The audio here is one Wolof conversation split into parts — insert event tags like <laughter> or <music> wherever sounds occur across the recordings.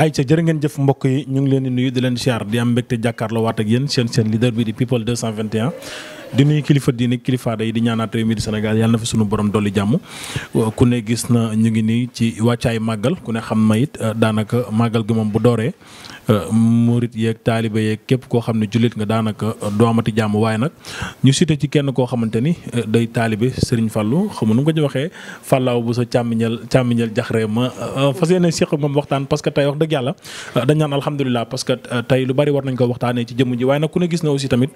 ayca jërë ngeen jëf mbokk yi ñu ngi leen di nuyu di leen siyaar di am mbégte jàkkaarloo waat ak yéen seen seen leader bi di people 221. di nuyu kilifa diini kilifa day di ñaanaat réew mi di Sénégal yàlla na fi sunu borom dolli jàmm ku ne gis na ñu ngi nii ci wàccaay màggal ku ne xam mayit euh, daanaka màggal gi moom bu dooree. Euh, murit yeeg taaliba yeeg képp koo xam ne jullit nga daanaka euh, doomati jàmm waaye nag ñu cité ci kenn ko xamante ni euh, day taalibe Serigne Fallou xam nu mu ko ci waxee Fallaaw bu sa càmmiñal càmmiñal jaxre ma fas yéene séq moom waxtaan parce tey wax dëgg yàlla dañ naan alhamdulilah parce tey lu bari war nañ ko waxtaanee ci jëmm ji waaye nag ku ne gis na aussi tamit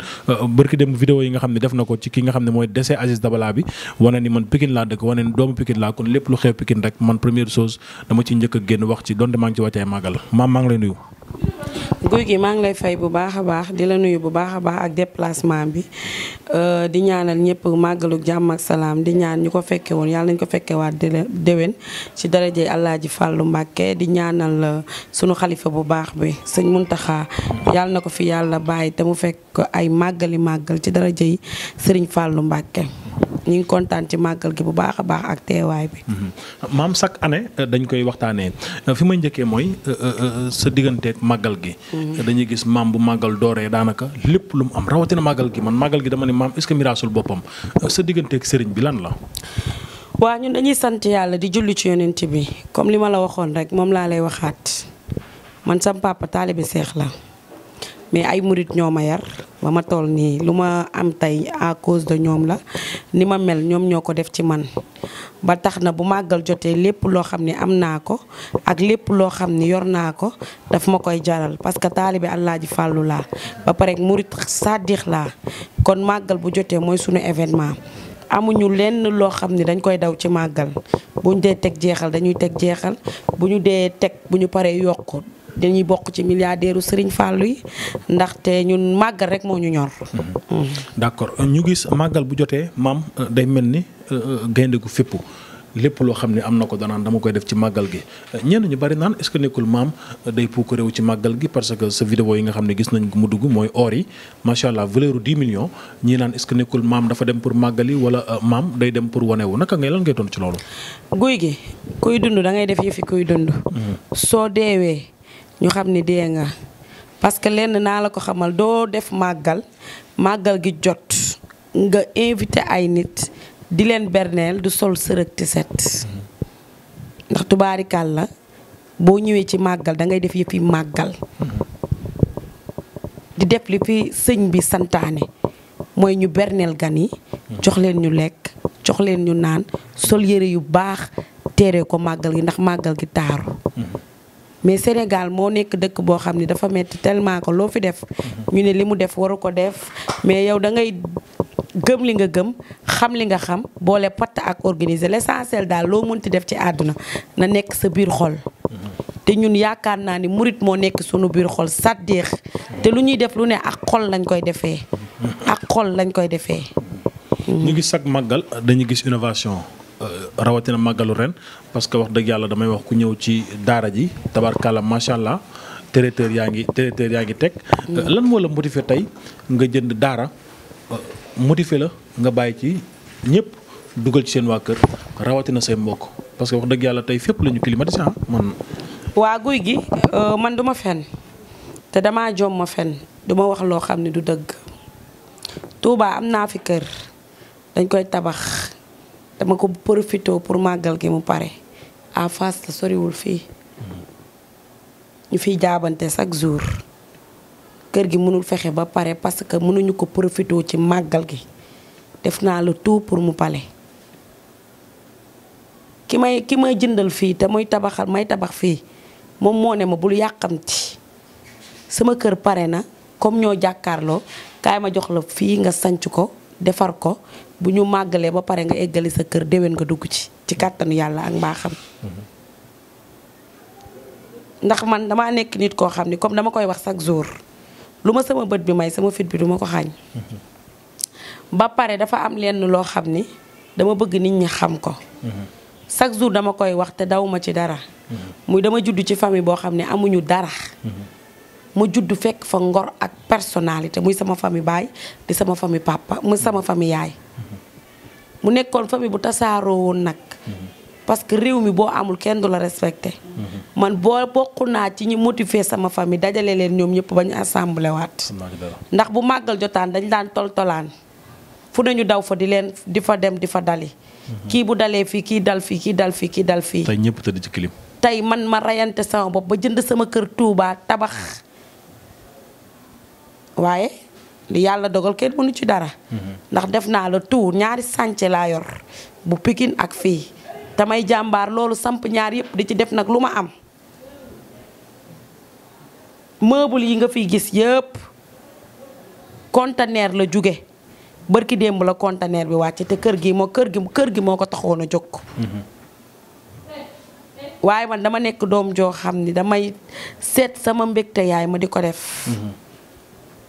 barki dem vidéo yi nga xam ne def na ko ci ki nga xam ne mooy décès Aziz Dabala bi wane ni man Pikine laa dëkk wane a génn wax ci donte guy gi maa ngi lay fay bu baax a baax di la nuyu bu baax a baax ak déplacement bi euh, di ñaanal ñëpp màggalu jàmm ak salaam di ñaan ñu ko fekke woon yàlla nañu ko fekke waat déwén ci darajey Alaaji Fàllu Mbàkke di ñaanal euh, sunu xalifa bu baax bi sëñ Muntaxa yàlla na ko fi yàlla bàyyi te mu fekk ay màggali màggal ci darajey Sëriñ Fàllu Mbàkke ñu ngi kontaan ci màggal gi bu baax a baax ak teewaay bi. Mm-hmm. maam chaque année euh, dañ koy waxtaanee euh, fi may njëkkee mooy euh, sa digganteeg màggal gi. Mm-hmm. dañuy gis maam bu màggal dooree daanaka lépp lu mu am rawatina màggal gi man màggal gi dama ne maam est-ce miraasul boppam sa digganteeg sëriñ bi lan la. waa ñun dañuy sant yàlla di julli ci yonent bi comme li ma la waxoon rek moom laa lay waxaat man sam papa taalibe seex la. mais ay murit ñoo ma yar ba ma toll nii lu ma am tey à cause de ñoom la ni ma mel ñoom ñoo ko def ci man ba tax na bu màggal jotee lépp loo xam ne am naa ko ak lépp loo xam ne yor naa ko daf ma koy jaral parce que taalibe Alaaji Fàllu laa ba pare murit sadix laa kon màggal bu jotee mooy suñu événement amuñu lenn loo xam ni dañ koy daw ci màggal bu ñu dee teg jeexal dañuy teg jeexal bu ñu dee teg bu ñu paree yokk dañuy bokk ci milliardaire Serigne Fallou yi ndaxte ñun màggal rek moo ñu ñor. d'accord euh, ñu gis màggal bu jotee maam euh, day mel ni euh, gaynde gu fépp lépp loo xam ne am na ko danaan dama koy def ci màggal gi ñenn ñu bari naan est-ce que nekkul maam day puuk réew ci màggal gi parce que sa vidéo yi nga xam ne gis nañ ko mu dugg mooy or yi macha allah valeur 10 millions ñii naan est-ce nekkul maam dafa dem pour màggali wala maam day dem pour wane wu naka ngay lan ngay tontu ci loolu. guy gi kuy dund def yëfi ñu xam ni dee nga parce que lenn naa la ko xamal doo def màggal màggal gi jot nga invité ay nit di leen berneel du sol sërëg ti set ndax tubaarikal la boo ñëwee ci màggal dangay def yëpp yi màggal di def li fi sëñ bi santaane mooy ñu berneel gan yi jox leen ñu lekk jox leen ñu naan sol yére yu baax téere ko màggal gi ndax màggal gi taaru mais Sénégal moo nekk dëkk boo xam ne dafa metti tellement ko loo fi def ñu ne li mu def waru ko def mais yow da ngay gëm li nga gëm xam li nga xam boole patt ak organiser l'essentiel daal loo mënti def ci àdduna na nekk sa biir xol. te ñun yaakaar naa ni murit moo nekk sunu biir xol saddeex te lu ñuy def lu ne ak xol lañ koy defee. ak xol lañ koy defee. ñu gis sag màggal dañu gis innovation. rawatina màggalu ren parce que wax dëgg yàlla damay wax ku ñëw ci daara ji tabarkalla macha allah traiteur yaa ngi traiteur yaa ngi teg. lan moo la motivé tey nga jënd daara motivé la nga bàyyi ci ñëpp dugal ci seen waa kër rawatina say mbokk parce que wax dëgg yàlla tey fépp la ñu climatisé ah, man. waa guy gi euh, man duma fen te dama jom ma fen duma wax loo xam ne du dëgg Touba am naa fi kër dañ koy tabax dama ko profité pour màggal gi mu pare en face la soriwul fii ñu fiy jaabante chaque jour kër gi mënul fexe ba pare parce que mënuñu ko profité ci màggal gi def naa le tout pour mu pale ki may ki may jëndal fii te muy tabaxal may tabax fii moom moo ne ma bul yàqamti sama kër pare na comme ñoo jàkkaarloo kaay ma jox la fii nga sanc ko defar ko bu ñu màggalee ba pare nga eggali sa kër déwén nga dugg ci ci kàttanu yàlla ak mbaaxam ndax man dama nekk nit koo xam ni comme dama koy wax chaque jour lu ma sama bët bi may sama fit bi du ma ko xañ ba pare dafa am lenn loo xam ni dama bëgg nit ñi xam ko chaque jour dama koy wax te daw ci dara muy dama judd ci famille boo xam ne amuñu dara mu judd fekk fa ngor ak personnalité muy sama famille baay di sama famille papa mu sama famille yaay mu nekkoon famille bu tasaaroo woon nag parce que réew mi boo amul kenn du la respecté man boo bokk naa ci ñi motiver sama famille dajale leen ñoom ñëpp ba ñu assemblé waat ndax bu màggal jotaan dañ daan toltolaan fu nañu daw fa di leen di fa dem di fa dali kii bu dalee fii kii dal fii kii dal fii kii dal fii tey ñëpp tëdd tey man ma reyante sama bopp ba jënd sama kër Touba tabax waaye yàlla dogal kenn mënu ci dara. Mm-hmm. ndax def naa la tour ñaari sànce laa yor bu pikin ak fii damay jàmbaar loolu samp ñaar yëpp di ci def nag lu ma am. meuble yi nga fi gis yëpp conteneur la jóge bërki démb la conteneur bi wàcc te kër gi moo kër gi kër gi moo ko taxoon a jóg. Mm-hmm. waaye man dama nekk doom joo xam ni damay seet sama mbégte yaay ma di ko def. Mm-hmm.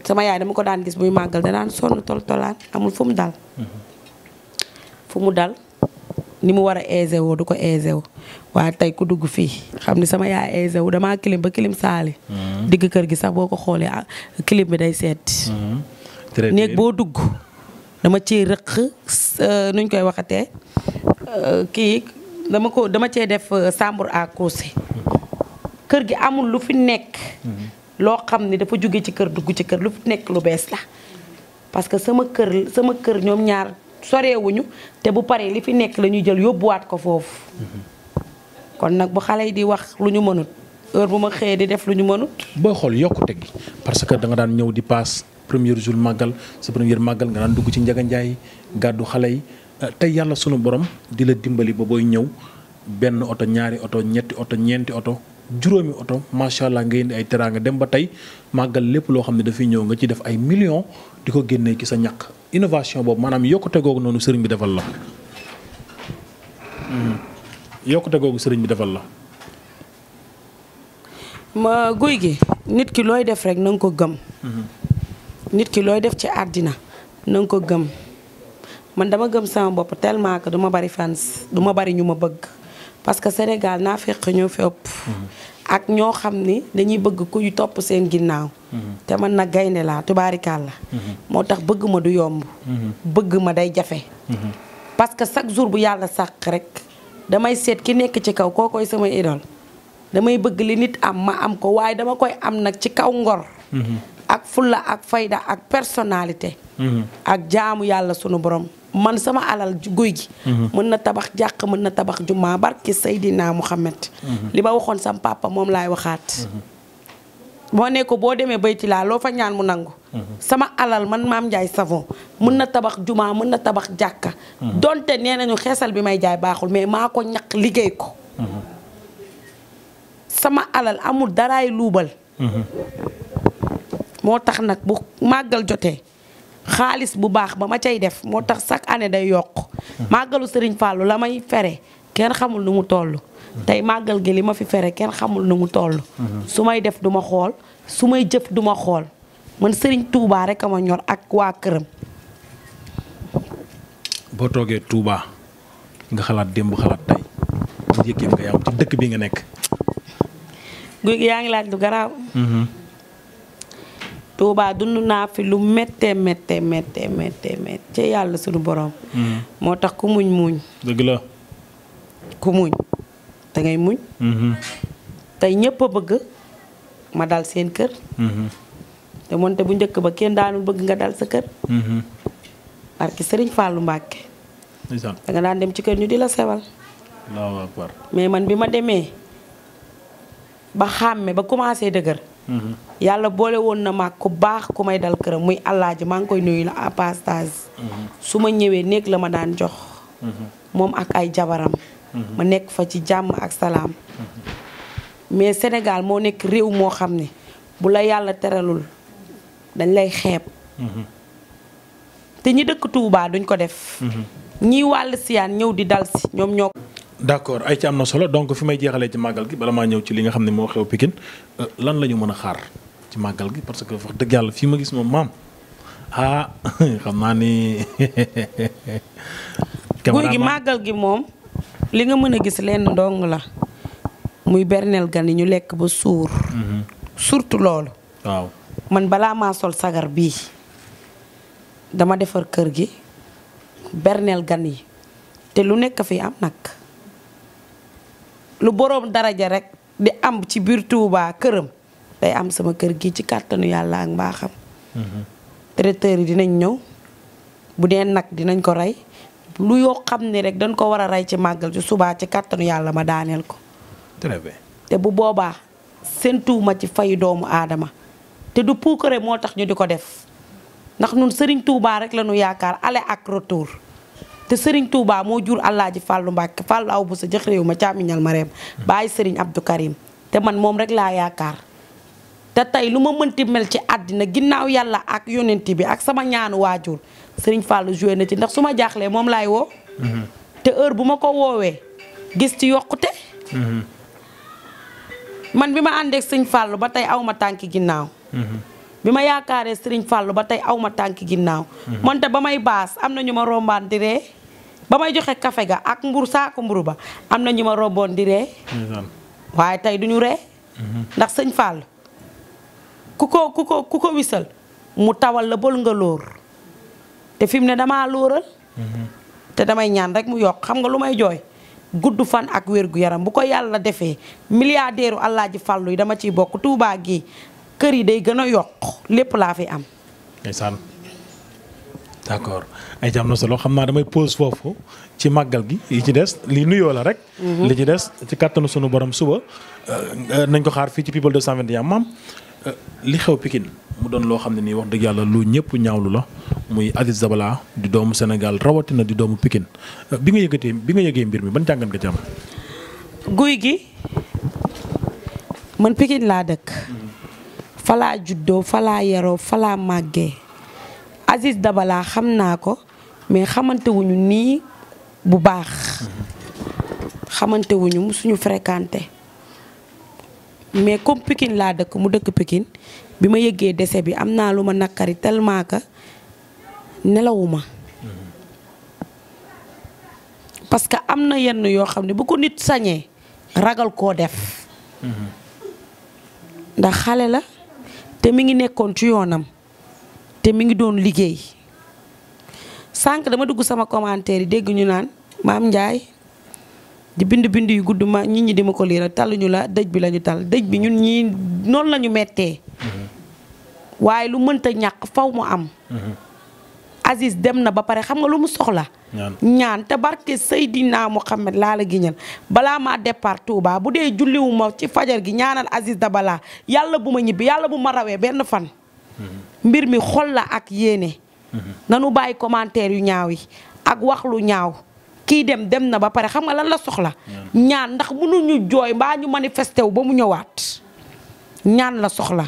sama yaay dama ko daan gis muy màggal danaan sonn tol tolaan amul fu mu dal fu mu dal ni mu war a aisé woo du ko aisé woo waaye tey ku dugg fii xam ni sama yaay aisé wu damaa clim ba clim saali mm-hmm. digg kër gi sax boo ko xoolee clim ah, bi day seet mm-hmm. néeg boo dugg dama ciy rëq nuñ koy waxatee euh, kii dama ko dama cee def euh, chambre à coucher mm-hmm. kër gi amul lu fi nekk loo xam ne dafa jóge ci kër dugg ci kër lu nekk lu bees la parce que sama kër sama kër ñoom ñaar soreewuñu te bu paree li fi nekk lañuy jël yóbbu yóbbuwaat ko foofu kon nag bu xale yi di wax lu ñu mënut heure bu ma xëyee di def lu ñu mënut booy xool yokkute gi parce que da nga daan ñëw di paas premier jour màggal sa premier màggal nga daan dugg ci njaganjaay gàddu xale yi euh, tey yàlla sunu borom di la dimbali ba booy ñëw benn oto ñaari oto ñetti oto ñeenti oto juróomi oto macha allah nga indi ay teraanga dem ba tey màggal lépp loo xam ne dafay ñëw nga ci def ay millions di ko génne ki sa ñàkk innovation boobu maanaam yokkute googu noonu sëriñ bi defal hmm. yokkute googu sëriñ bi defal la. ma guy gi nit ki looy def rek nanga ko gëm. Hmm. nit ki looy def ci àddina na ko gëm man dama gëm sama bopp tellement que du bari fans du bari ñu ma bëgg. parce que Sénégal naa fekk ñoo fee ëpp. Mm-hmm. ak ñoo xam ni dañuy bëgg ku topp seen ginnaaw. Mm-hmm. te man na gaynde laa tubaarikaal la. Mm-hmm. moo tax bëgg ma du yomb. bëgg ma day jafe. parce que chaque jour bu yàlla sàq rek damay seet ki nekk ci kaw koo koy sama idole damay bëgg li nit am ma am ko waaye dama koy am nag ci kaw ngor. ak fulla ak fayda ak personnalité. ak jaamu yàlla sunu borom. man sama alal guy gi. Mhm. mën na tabax jàq mën na tabax jumaa barki Seydina Muhammad mhm. li ma waxoon sam papa moom laay waxaat. Mhm. moo ne ko boo demee bayti laa loo fa ñaan mu nangu. sama alal man maam Ndiaye savon mën na tabax jumaa mën na tabax jàkka. donte nee nañu xeesal bi may jaay baaxul mais maa ko ñaq liggéey ko. sama alal amul daray luubal. moo tax nag bu màggal jotee. xaalis bu baax ba ma cay def moo tax chaque année day yokk màggalu sëriñ Fallou la may fere kenn xamul nu mu toll tey màggal gi li ma fi fere kenn xamul nu mu toll mhm. su may def duma xool su may jëf duma xool man sëriñ tuubaa rek a ma ñor ak waa këram boo toogee Touba nga xalaat démb xalaat tey dëkk bi nga nekk guy gi yaa ngi laaj lu garaaw mhm. Touba dund naa fi lu méttee méttee méttee méttee méttee yàlla suñu borom. Mm. moo tax ku muñ muñ. dëgg la. ku muñ da ngay muñ. Mm-hmm. tey ñëpp a bëgg ma dal seen kër. Mm-hmm. te moonte bu njëkk ba kenn daanul bëgg nga dal sa kër. parce mm-hmm. que Serigne Fallou Mbacke. da daan dem ci kër ñu di la sewal. mais man bi ma demee ba xàmme ba commencé dëgër. yàlla boole woon na maag ku baax ku may dal këram muy àllaaji maa ngi koy nuyu la à su ma ñëwee néeg la ma daan jox moom ak ay jabaram ma nekk fa ci jàmm ak salaam mais senegal moo nekk réew moo xam ne bu la yàlla teralul dañ lay xeeb te ñi dëkk tuubaa duñ ko def ñiy wàll siyaan ñëw di dal si ñoom ñoo d'accord ay ci am na solo donc fi may jeexalee ci màggal gi bala maa ñëw ci li nga xam ne moo xew Pikine euh, lan la ñu mën a xaar ci màggal gi parce que wax dëgg yàlla fi ma gis moom maam ah <laughs> xam naa ni. <laughs> guy gi màggal gi moom li nga mën a gis lenn ndong la muy berneel gan yi ñu lekk ba suur. Mhm. surtout loolu. waaw man balaa maa sol sagar bii dama defar kër gi berneel gan yi te lu nekk fi am nag. lu boroom daraja rek di am ci biir tuubaa këram day am sama kër gi ci kàttanu yàlla ak mbaaxam. Mhm. traiteurs yi dinañ ñëw bu dee nag dinañ ko rey lu yoo xam ne rek dañ ko war a rey ci màggal ci subaa ci kàttanu yàlla ma daaneel ko. te bu boobaa séentuwuma ci fay doomu aadama te du puukare moo tax ñu di ko def ndax nun sëriñ tuubaa rek la yaakaar ale ak retour. te Serigne Touba moo jur Alaaji Fàllu Mbàkke Fàllu aw bu sa jëx réew ma caamiñal ma reem bàyyi Serigne Abdou Karim te man moom rek laa yaakaar te tey lu ma mënti mel ci àddina ginnaaw yàlla ak yonent bi ak sama ñaanu waajur Serigne Fàllu joué na ci ndax su ma jaaxlee moom laay woo mhm. te heure bu ma ko woowee gis ci yokkute mhm. man bi ma àndeek sëñ Fàllu ba tey awma tànki ginnaaw mhm. bi ma yaakaaree sëriñ Fàllu ba tey awma may baas am na ñu ma rombaan di ree ba may joxe kafe ga ak mbur saaku mburu ba am na ñu ma romboon di ree waaye tey du ñu ree mhm. ndax sëñ fàll ku ko ku ko ku ko wisal mu tawal la bol nga lóor te fi ne damaa lóoral mhm. te damay ñaan rek mu yokk xam nga lu may jooy gudd fan ak wér gu yaram bu ko yàlla defee milliardaire u Alaaji Fàllu yi dama ciy bokk Tuubaa gi kër yi day gën a yokk lépp laa fi am d' accord ay jàmm na solo xam naa damay pause foofu ci màggal gi yi ci des li nuyoo la rek. Mhm. li ci des ci kàttanu sunu borom suba. Euh, euh, nañ ko xaar fii ci people 221 maam euh, li xew pikin mu doon loo xam ne nii wax dëgg yàlla lu ñëpp ñaawlu la muy Aziz Dabala di doomu senegal rawatina di doomu pikin bi nga yëgatee bi nga yëgee mbir mi ban jàngat nga ci am. guy gi man Pikine laa dëkk. Mhm. falaa juddoo falaa yaroo falaa màggee. Aziz Dabala xam naa ko mais xamante nii bu baax xamantewuñu wuñu mu suñu fréquenté mais comme Pikine laa dëkk mu dëkk pikin bi ma yëgee décès bi am naa lu ma nakkari tellement que nelawuma parce que am na yenn yoo xam ne bu ko nit sañee ragal koo def mhm. ndax xale la te mu ngi nekkoon ci yoonam te mi ngi doon liggéey sànq dama dugg sama commentaire yi dégg ñu naan maam Ndiaye di bind bind yu gudd ma nit ñi di ma ko liira talluñu la dëj bi lañu tal dëj bi ñun ñii noonu lañu mettee waaye lu mënta ñàkk faw mu am Aziz dem na ba pare xam nga lu mu soxla ñaan te barke Seydina Muhammad laa la giñal balaa maa départ Touba bu dee julliwuma ci fajar gi ñaanal Aziz da balaa yàlla bu ma ñibbi yàlla bu ma rawee benn fan mbir mi xol la ak yéene. nanu bàyyi commentaire yu ñaaw yi ak wax lu ñaaw kii dem dem na ba pare xam nga lan la soxla. ñaan ndax ñu jooy mbaa ñu manifesté wu ba mu ñëwaat ñaan la soxla.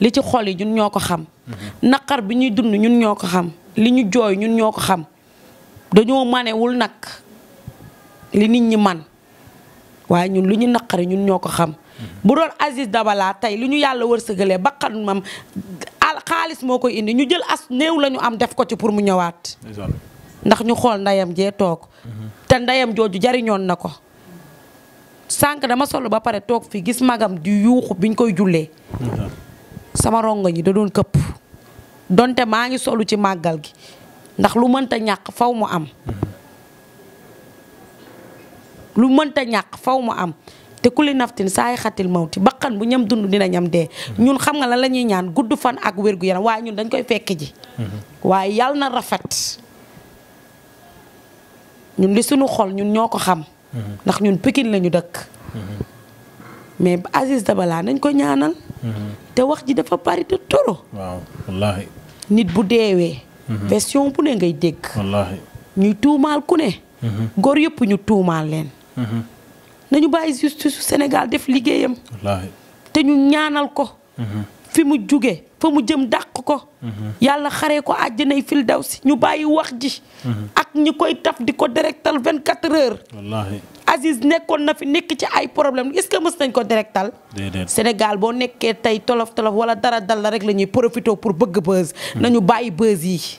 li ci xol yi ñun ñoo ko xam mm-hmm. naqar bi ñuy dund ñun ñoo ko xam li ñu jooy ñun ñoo ko xam dañoo manewul nag li nit ñi man waaye ñun lu ñu naqari ñun ñoo ko xam bu doon Aziz Dabala tey lu ñu yàlla wërsëgalee bakkan mam al xaalis moo koy indi ñu jël as néew lañu am def ko ci pour mu ñëwaat. ndax ñu xool ndeyam jee toog. Mhm. te ndeyam jooju jariñoon na ko. sànq dama solo ba pare toog fii gis magam di yuuxu biñ koy jullee. sama rongo ñi dadoon doon këpp. donte maa ngi solu ci màggal gi ndax lu mënta ñàkk faw mu am. Mhm. lu mënta ñàkk faw mu am. te kulli naftin saay xatil mawti bakkan bu ñam dund dina ñam dee ñun xam nga lan la ñuy ñaan gudd fan ak wérgu yaram waaye ñun dañ koy fekk ji mhm. waaye yàlla na rafet ñun li suñu xol ñun ñoo ko xam mhm. ndax ñun Pikine lañu dëkk mhm. mais de Dabala dañ ko ñaanal te wax ji dafa bari te toro nit bu deewee version bu ne ngay dégg ñuy tuumaal ku ne góor yépp ñu tuumaal leen nañu bàyyi justice su Sénégal def liggéeyam. te ñu ñaanal ko. Mhm. fi mu jugee fa mu jëm dàq ko. Mhm. yàlla xaree ko àjjanay fil daw si ñu bàyyi wax ji. Mhm. ak ñi koy taf di ko directal vingt quatre heures. wallaahi nekkoon na fi nekk ci ay problème est-ce que mës nañ ko directal. Sénégal boo nekkee tey tolof tolof wala dara dal la rek la ñuy profité pour bëgg buzz. nañu bàyyi buzz yi.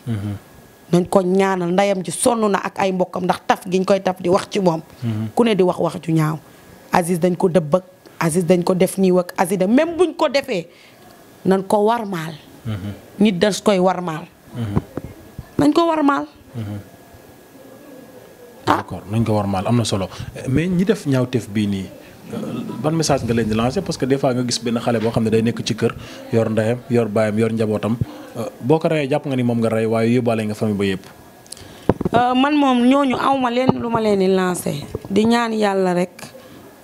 nañ ko ñaanal ndeyam ji sonn na ak ay mbokkam ndax taf giñ koy taf di wax ci moom. Mhm. ku ne di wax wax ju ñaaw. Aziz dañ ko dëbb ak Aziz dañ ko def nii ak Aziz même buñ ko defee nañ ko war mhm. nit dañ koy warmaal. Mhm. nañ ko warmaal. ah d'accord nañ ko warmaal am na solo eh, mais ñi def ñaawteef bii nii. ban message nga leen di lancer parce que des fois nga gis benn xale boo xam ne day nekk ci kër yor ndeyam yor baayam yor njabootam euh, boo ko reyee jàpp nga ni moom nga rey waaye yóbbaale nga famille ba yëpp. Euh, man moom ñooñu awma leen lu ma leen di lancer di ñaan yàlla rek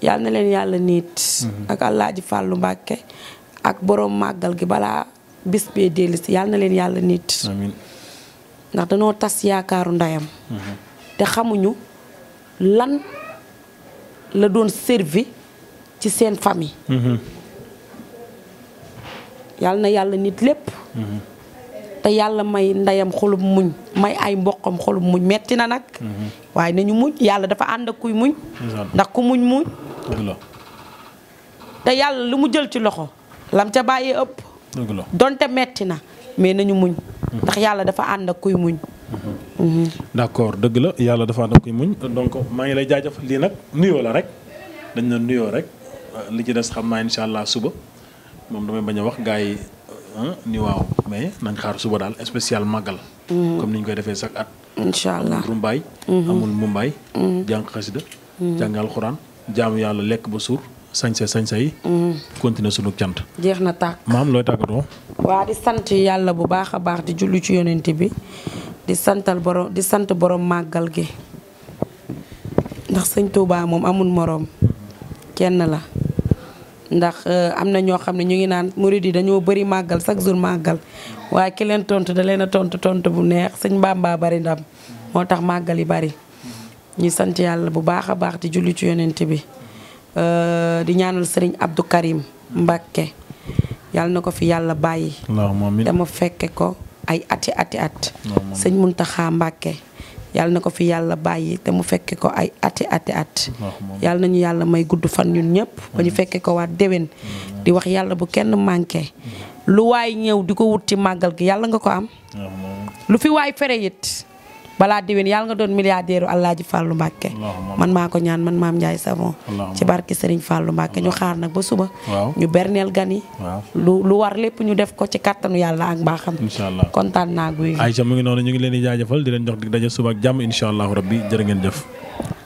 yàlla na leen yàlla niit. Mhm. ak Alaaji Fàllu Mbàkke ak borom màggal gi balaa bis bee dellu si yàlla na leen yàlla niit. amiin ndax danoo tas yaakaaru ndeyam. Mhm. te xamuñu lan la doon servi ci seen famille. Mhm. yàlla na yàlla nit lépp. Mhm. te yàlla may ndeyam xolub muñ may ay mboqam xolub muñ metti na nag. Mhm. waaye nañu muñ yàlla dafa ànd ak kuy muñ. ndax ku muñ muñ. te yàlla lu mu jël ci loxo lam ca bàyyee ëpp. donte metti na mais nañu muñ. ndax yàlla dafa ànd ak kuy muñ. d'accord dëgg la yàlla dafa ànd ak kuy muñ donc maa ngi lay jaajëf lii nag nuyoo la rek dañ na nuyoo rek. Euh, li ci des xam naa incha allah suba moom damay bañ a wax gaa yi ni waaw mais nañ xaar suba daal spécial màggal. Mm. comme ni ñu koy defee chaque at. incha allah amul rumbaay. Mm-hmm. amul mumbaay. Mm-hmm. jàng xasida. Mm-hmm. jàng alxuraan jaamu yàlla lekk ba suur. sañse sañse yi. continuer sunu cant. jeex na tàkk maam looy tàggatoo. waa di sant yàlla bu baax a baax di jullu ci yonent bi di santal borom di sant borom màggal gi ndax sëñ Touba moom amul moroom kenn la. ndax euh, am na ñoo xam ne ñu ngi naan murid dañoo bari màggal chaque jour màggal waaye ki leen tontu da leen a tontu tontu bu neex sëñ mbaam baa bari ndam moo tax màggal yi bari ñu sant yàlla bu baax a baax di julli ci yonent bi euh, di ñaanal sëriñ Abdou Karim Mbacke yàlla na ko fi yàlla bàyyi dama fekke ko ay ati ati at sëñ Muntaxa Mbacke yàlla na ko fi yàlla bàyyi te mu fekke ko ay ati ati at yàlla ñu yàlla may gudd fan ñun ñëpp ba ñu fekke ko waa déwén di wax yàlla bu kenn manqué lu waay ñëw di ko wut ci màggal gi yàlla nga ko am lu fi waay fere it balaa déwén yàlla nga doon milliardaire u Alaaji Fàllu Mbàkke man maa ko ñaan man maam Njaay Savon ci barki Sëriñ Fàllu Mbàkke ñu xaar nag ba suba ñu berneel gan yi lu lu war lépp ñu def ko ci kattanu yàlla ak mbaaxam inshallah kontaan naa guy Aïcha mu ngi noonu ñu ngi leen di jaajëfal di leen jox dig daje suba ak jàmm inshallah rabbi jërë ngeen jëf